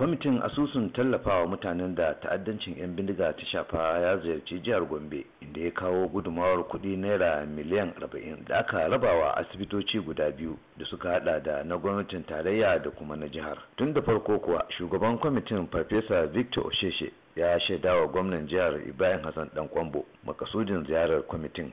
kwamitin asusun tallafawa mutanen da ta'addancin 'yan bindiga ta shafa ya ziyarci jihar gombe inda ya kawo gudumawar kuɗi naira miliyan 40 da aka rabawa asibitoci guda biyu da suka hada da na gwamnatin tarayya da kuma na jihar tun da farko kuwa shugaban kwamitin farfesa victor osheshe ya shaidawa gwamnan jihar ibrahim hassan dan kwambo makasudin ziyarar kwamitin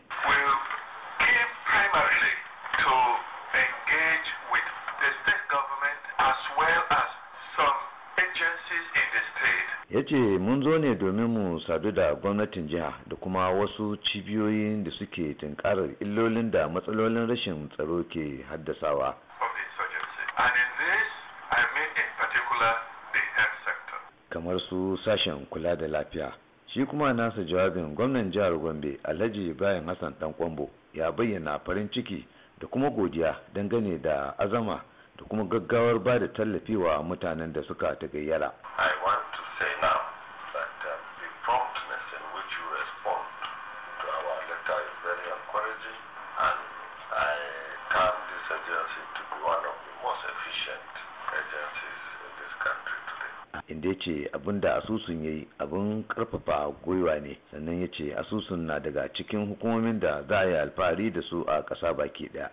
ce mun zo ne domin mu sadu da gwamnatin jiha da kuma wasu cibiyoyin da suke tunkarar illolin da matsalolin rashin tsaro ke haddasawa kamar su sashen kula da lafiya shi kuma nasa jawabin gwamnan jihar gombe alhaji ibrahim hassan dan kwambo ya bayyana farin ciki da kuma godiya dangane da azama da kuma gaggawar ba da tallafi wa mutanen da suka tagayyara. I want to say now inda ya ce abin da asusun ya yi abin karfafa gwiwa ne sannan ya ce asusun na daga cikin hukumomin da za a yi alfahari da su a ƙasa baki ɗaya.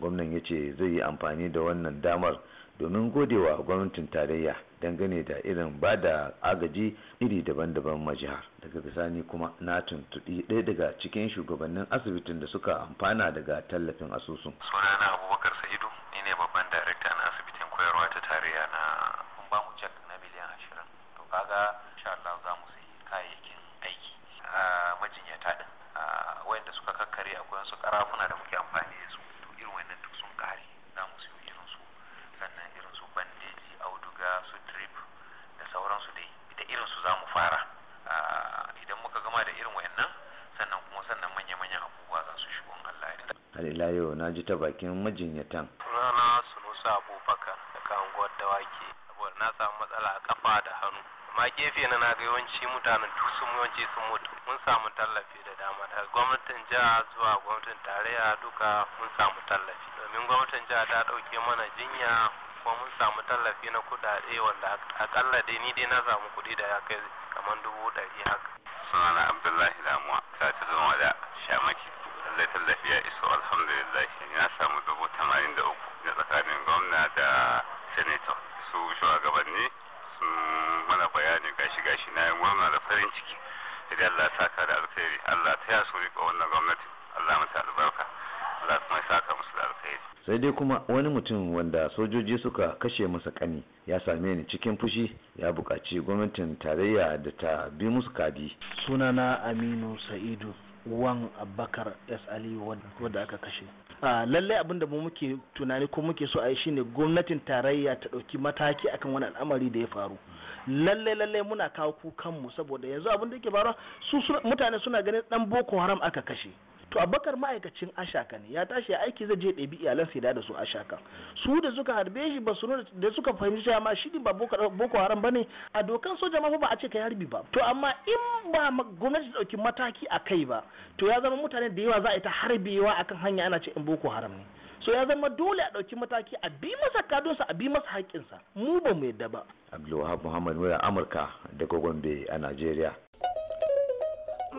gwamnan ya ce zai yi amfani da wannan damar domin godewa gwamnatin tarayya dangane da irin ba da agaji iri daban-daban majihar daga bisani kuma na tuntuɗi ɗaya daga cikin shugabannin asibitin da suka amfana daga tallafin asusun. sunana abu najeriya na kun ba mu na miliyan ashirin to kaga insha Allah za mu sayi kayayyakin aiki a majinyata din wayanda suka kakkare akwai wasu karafuna da muke amfani da su to irin wannan duk sun kare za mu sayo irin su sannan irin su bandeji auduga su drip da sauransu dai da irin su za mu fara idan muka gama da irin wayannan sannan kuma sannan manya-manyan abubuwa za su shigo Allah ya yau na ji ta bakin majinyatan. rana Sunusa Abu a gefe na naga yawanci mutanen duk sun yawanci sun mutu mun samu tallafi da dama da gwamnatin jiha zuwa gwamnatin tarayya duka mun samu tallafi domin gwamnatin jiha ta dauke mana jinya kuma mun samu tallafi na kuɗaɗe wanda akalla dai ni dai na samu kuɗi da ya kai kamar dubu ɗari haka. sunana abdullahi damuwa ta ta zama da shamaki lallai tallafi ya iso alhamdulillah na samu dubu tamanin da uku na tsakanin gwamna da senator su shugabanni mana bayani gashi gashi na yi murna da farin ciki idan Allah ya saka da alkhairi Allah ta yaso riƙo sai dai kuma wani mutum wanda sojoji suka kashe masa kani ya same ni cikin fushi ya buƙaci gwamnatin tarayya da ta bi musu kadi sunana aminu sa'idu wan abakar s ali wadda aka kashe lallai abin da mu muke tunani ko muke so a yi shine gwamnatin tarayya ta ɗauki mataki akan wani al'amari da ya faru lallai lallai muna kawo kukanmu saboda yanzu abin da yake faruwa su mutane suna ganin dan boko haram aka kashe to abakar ma'aikacin ashaka ne ya tashi aiki zai je ɗabi iyalan sai da su ashaka su da suka harbe shi ba su da suka fahimci cewa ma shi ba boko haram ba ne a dokan soja ma ba a ce yi harbi ba to amma in ba gwamnati ta dauki mataki a kai ba to ya zama mutane da yawa za a yi ta harbewa akan hanya ana ce in boko haram ne so ya zama dole a ɗauki mataki a bi masa kadonsa a bi masa haƙƙinsa mu ba mu yadda ba abdulwahab muhammad mura amurka daga gombe a najeriya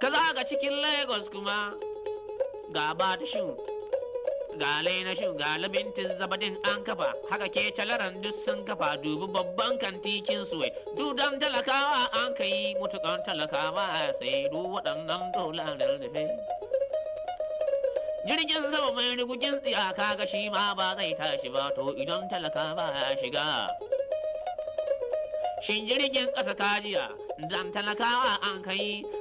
ka za ga cikin lagos kuma ga batishin ga lainashin ga labintin zabadin an kafa haka ke calaran duk sun kafa dubi babban kantikin Duk dudan talakawa an kai yi mutukan talakawa sai duk waɗannan dolarar da jirgin sama mai rigugin tsiyaka ga shi ma ba zai tashi ba to idan talaka ba ya shiga shin jirgin ƙasa kajiya dan talakawa an kai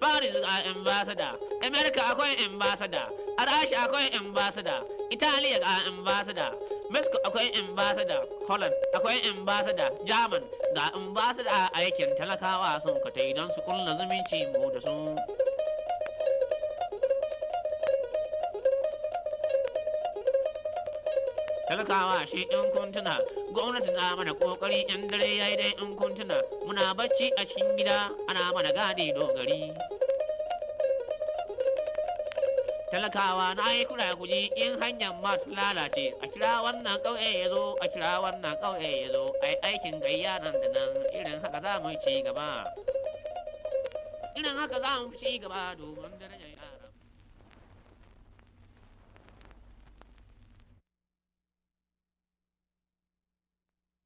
Paris a uh, ambasada America akwai a Arashi akwai ambasada Italiya a uh, ambasada Mexico akwai ambasada Holland akwai ambasada German ga ambasada a aikin talakawa sun katai idan su kulla zumunci mu da su. talakawa shi in kuntuna gwamnati na mana kokari yan dare yayi dai in kuntuna muna bacci a cikin gida ana mana gadi dogari talakawa na yi kura guji in hanyar ma lalace a kira wannan ƙauye ya zo a kira wannan ƙauye ya zo a aikin gayya nan da nan irin haka za mu ci gaba irin haka za mu ci gaba domin dare